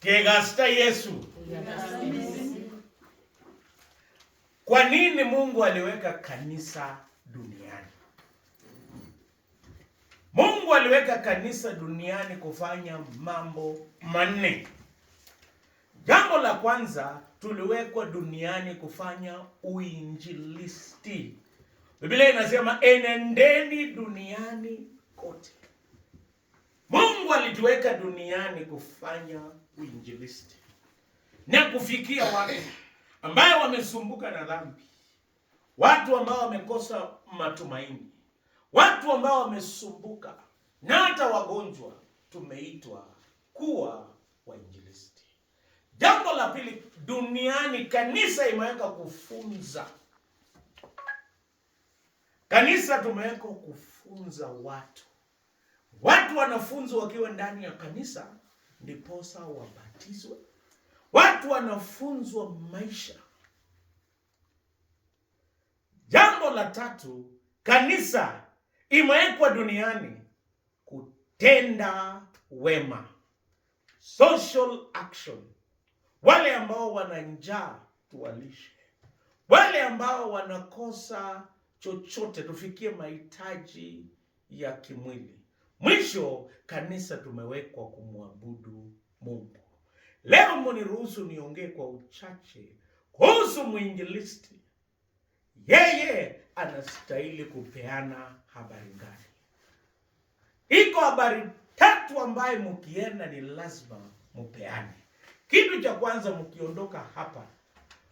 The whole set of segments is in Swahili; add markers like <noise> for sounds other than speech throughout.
Tegasta Yesu. Kwa nini Mungu aliweka kanisa duniani? Mungu aliweka kanisa duniani kufanya mambo manne. Jambo la kwanza, tuliwekwa duniani kufanya uinjilisti. Biblia inasema enendeni duniani kote. Mungu Mungu alituweka duniani kufanya uinjilisti na kufikia watu ambao wamesumbuka na dhambi, watu ambao wamekosa matumaini, watu ambao wamesumbuka na hata wagonjwa. Tumeitwa kuwa wainjilisti. Jambo la pili, duniani kanisa imeweka kufunza. Kanisa tumeweka kufunza watu watu wanafunzi wakiwa ndani ya kanisa ndiposa wabatizwe, watu wanafunzwa maisha. Jambo la tatu, kanisa imewekwa duniani kutenda wema, social action. Wale ambao wana njaa tuwalishe, wale ambao wanakosa chochote tufikie mahitaji ya kimwili. Mwisho, kanisa tumewekwa kumwabudu Mungu. Leo mniruhusu niongee kwa uchache kuhusu mwinjilisti. Yeye anastahili kupeana habari gani? Iko habari tatu ambaye mkienda ni lazima mupeane. Kitu cha kwanza, mkiondoka hapa,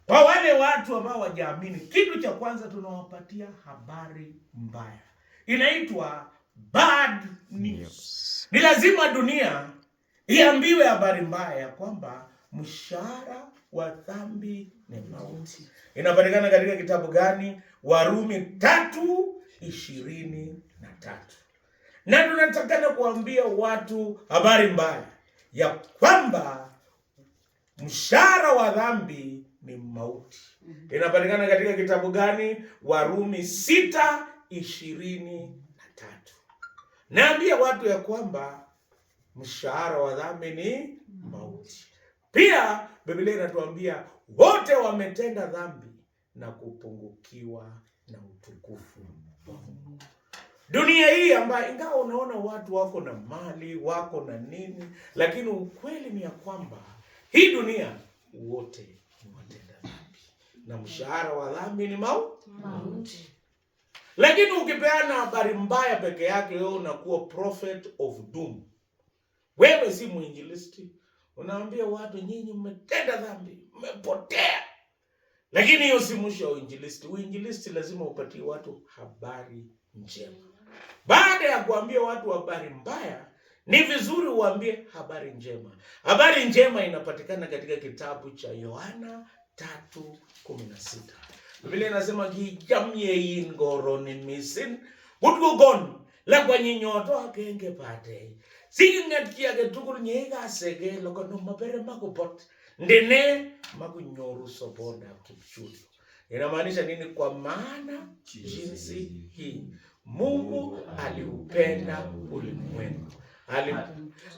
kwa wale watu ambao wajaamini, kitu cha kwanza tunawapatia habari mbaya, inaitwa bad news. Ni lazima dunia iambiwe habari mbaya kwamba mshahara wa dhambi ni mauti. Inapatikana katika kitabu gani? Warumi tatu ishirini na tatu. Na tunatakana kuambia watu habari mbaya ya kwamba mshahara wa dhambi ni mauti. Mhm. Inapatikana katika kitabu gani? Warumi sita ishirini Naambia watu ya kwamba mshahara wa dhambi ni mauti. Pia Biblia inatuambia wote wametenda dhambi na kupungukiwa na utukufu wa Mungu. Dunia hii ambayo ingawa unaona watu wako na mali, wako na nini, lakini ukweli ni ya kwamba hii dunia wote ni watenda dhambi na mshahara wa dhambi ni mauti. Lakini ukipeana habari mbaya peke yake, wewe unakuwa prophet of doom. Wewe si mwinjilisti, unaambia watu nyinyi mmetenda dhambi, mmepotea. Lakini hiyo si mwisho wa uinjilisti. Uinjilisti lazima upatie watu habari njema. Baada ya kuambia watu habari mbaya, ni vizuri uambie habari njema. Habari njema inapatikana katika kitabu cha Yohana 3:16. Biblia inasema kichamye in koroni missing kutkogon lakwanyinyot akenge batei siking'et ki age tugul loko no mabere makobot ndene makunyoru sobondab Kipchumba. Inamaanisha nini? Kwa maana jinsi hii Mungu aliupenda ulimwengu,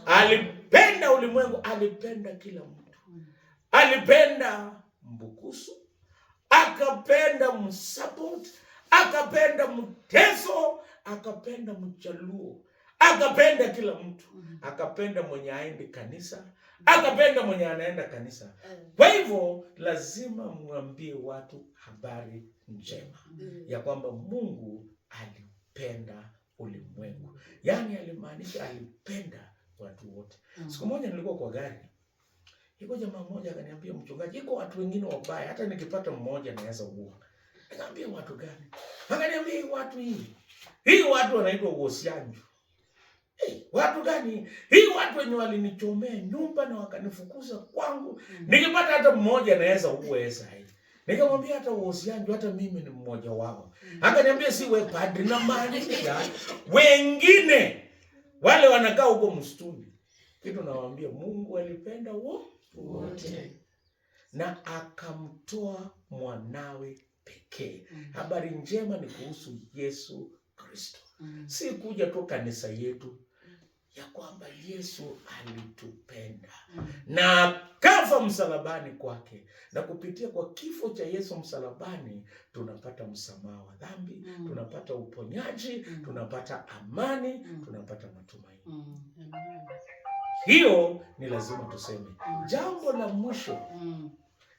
alipenda ulimwengu, alipenda kila mtu, alipenda mbukusu akapenda msupport, akapenda mteso, akapenda mchaluo, akapenda kila mtu, akapenda mwenye aende kanisa, akapenda mwenye anaenda kanisa. Kwa hivyo lazima mwambie watu habari njema mm. ya kwamba Mungu alipenda ulimwengu, yaani alimaanisha alipenda watu wote. Mm. Siku moja nilikuwa kwa gari Yuko jamaa mmoja akaniambia mchungaji, iko watu wengine wabaya, hata nikipata mmoja naweza uua. Akaniambia watu gani? Akaniambia hii watu hii. Hii watu wanaitwa wosianju. Hey, watu gani? Hii watu wenye walinichomea nyumba na wakanifukuza kwangu. Mm. Nikipata hata mmoja naweza uweza Esa. Nikamwambia hata wosianju, hata mimi ni mmoja wao. Mm. Akaniambia si wewe padri, na maanisha wengine wale wanakaa huko msituni. Kitu nawaambia Mungu alipenda wao wote na akamtoa mwanawe pekee. mm Habari njema ni kuhusu Yesu Kristo. mm Si kuja tu kanisa yetu ya kwamba Yesu alitupenda mm na akafa msalabani kwake, na kupitia kwa kifo cha Yesu msalabani tunapata msamaha wa dhambi mm tunapata uponyaji mm tunapata amani mm tunapata matumaini mm hiyo ni lazima tuseme. Jambo la mwisho mm.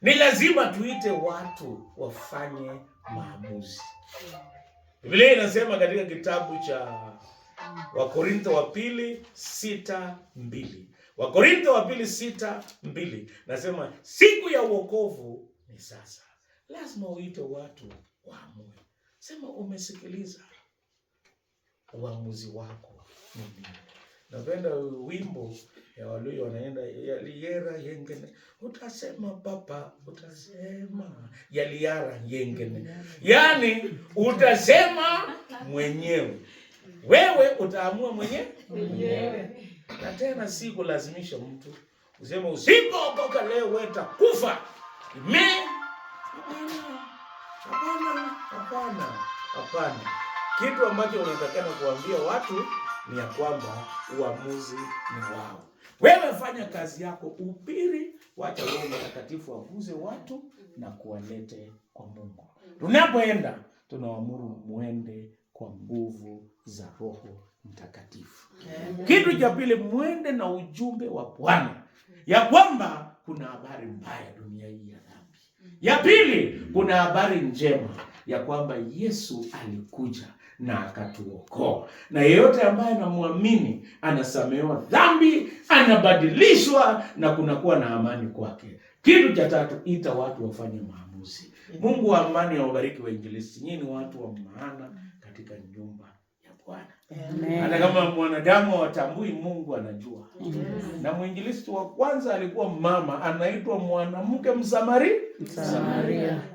ni lazima tuite watu wafanye maamuzi. Biblia inasema katika kitabu cha Wakorintho wa pili sita mbili Wakorintho wa pili sita mbili nasema siku ya uokovu ni sasa. Lazima uite watu waamue. Sema umesikiliza, uamuzi wako ni nini? Napenda wimbo ya Waluhya wanaenda yaliera yengene, utasema papa, utasema yaliara yengene, yaani utasema mwenyewe, wewe utaamua mwenyewe mwenyewe. Na tena si kulazimisha mtu usema, usipookoka leo wetakufa. Me hapana, hapana, hapana. Kitu ambacho unatakana kuambia watu ni ya kwamba uamuzi ni wao. Wewe fanya kazi yako, upiri, wacha Roho Mtakatifu waguze watu na kuwalete kwa Mungu. Tunapoenda tunaamuru muende kwa nguvu za Roho Mtakatifu. Kitu cha pili, muende na ujumbe wa Bwana ya kwamba kuna habari mbaya dunia hii ya dhambi. Ya pili, kuna habari njema ya kwamba Yesu alikuja na akatuokoa. Na yeyote ambaye anamwamini anasamehewa dhambi, anabadilishwa na kunakuwa na amani kwake. Kitu cha tatu, ita watu wafanye maamuzi. Mungu wa amani awabariki wainjilisti, nyinyi ni watu wa maana katika nyumba ya Bwana. Hata kama mwanadamu hawatambui, Mungu anajua. Amen. Na mwinjilisti wa kwanza alikuwa mama anaitwa mwanamke Msamari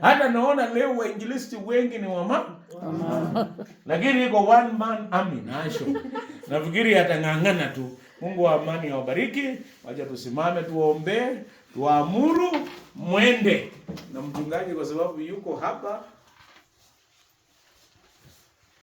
Hata naona leo wainjilisti wengi ni wamama. <laughs> lakini iko one man army nasho. Nafikiri atang'ang'ana tu. Mungu wa amani awabariki. Wacha tusimame tuombe, tuamuru mwende na mchungaji, kwa sababu yuko hapa.